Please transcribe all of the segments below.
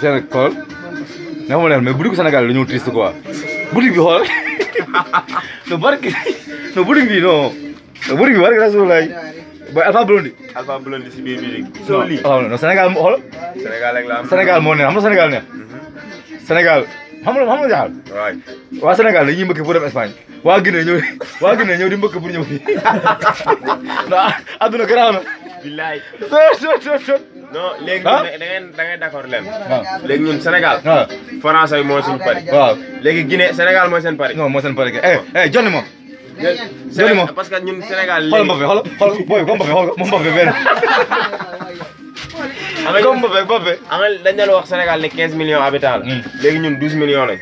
seen ak xool na ma leen mais boutique Sénégal dañoo triste quoi boutique bi xool no barki no boutique bi non boutique bi barki rasulaay boy Alpha Alpha Blondy si biir bi soo lii non Sénégal moo xool Sénégal rek la am Sénégal moo neex xam nga Sénégal neex Sénégal xam nga xam nga jaxal waa Sénégal dañuy mbëkk pour dem Espagne waa Guinée ñëw waa Guinée ñëw di mbëkk pour ñëw fii non adduna garaaw na non ah. léegi ah. da ngeen da waaw ah. léegi ñun Sénégal. waaw français moo suñu pari. waaw léegi Guinée Sénégal mooy seen pari. non mooy seen pari kay eh eh jonni moom. jonni moom parce que ñun Sénégal. xool Mbappé xool xool booy ko Mbappé xool ko moom Mbappé wax Sénégal ne 15 millions habitants la. Hmm. ñun 12 millions lañ.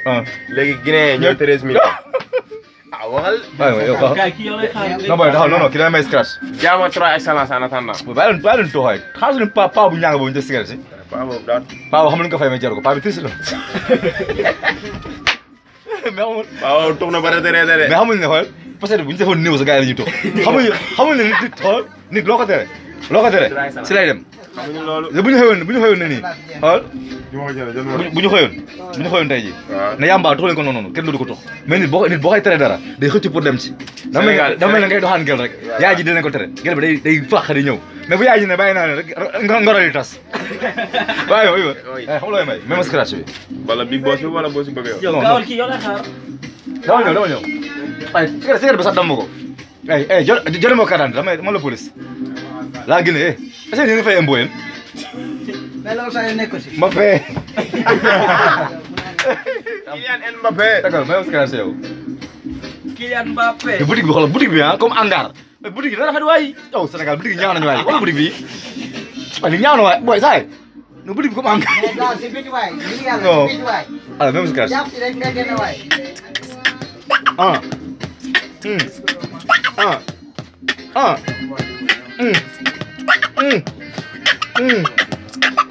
waxal. kay kii yow lay xaar. non booy taxaw non non kii damay may scratch. jaama trois excellence en attendant. bàyyi leen bàyyi leen tooxaay xaalis ne paa paa bu ñàng boobu ñu def cigarette si. paa boobu daal paa boobu xam nga ko fay may jar ko paa bi triste la. waaw toog na ba retraité de. mais xamuñ ne xool parce que bu ñu defoon néew sa gars yi la ñuy toog xamuñ xamuñ ne nit nit xool nit loo ko tere. loo ko tere si lay dem. xamuñ loolu bu ñu xëyoon bu ñu xëyoon ne nii xool bu ñu xëyoon bu ñu xëyoon tey ji ne yàmbaa tox ko noonu kenn du ko tox mais nit boo nit boo koy tere dara day xëcc pour dem ci dama mel ne doxaan gel rek yaay ji dinañ ko tere gel bi day day fàq di ñëw mais bu yaay ji ne bàyyi naa ne rek ngorali tas waaye wooyu wa xam looy may même scratch bi wala bi boos la xaar dama ñëw dama ñëw ay sigaret bi sax damm ko ay ay jël ma carte d'identité la police laa gën a eh est-ce que fay impôt Melo saya neko sih. Mbappe. Kylian Mbappe. Tagal, mau sekarang sih Kylian Mbappe. Ya budi gua kalau budi kom anggar. Budi gimana dua i. Oh, Senegal budi nyawa nyawa. Oh, budi bi. Paling nyawa nyawa, boy saya. Nu budi kom anggar. Ya, sipit wae. Ini sekarang. Ah. Hmm. Ah. Ah. Hmm. Hmm. Hmm.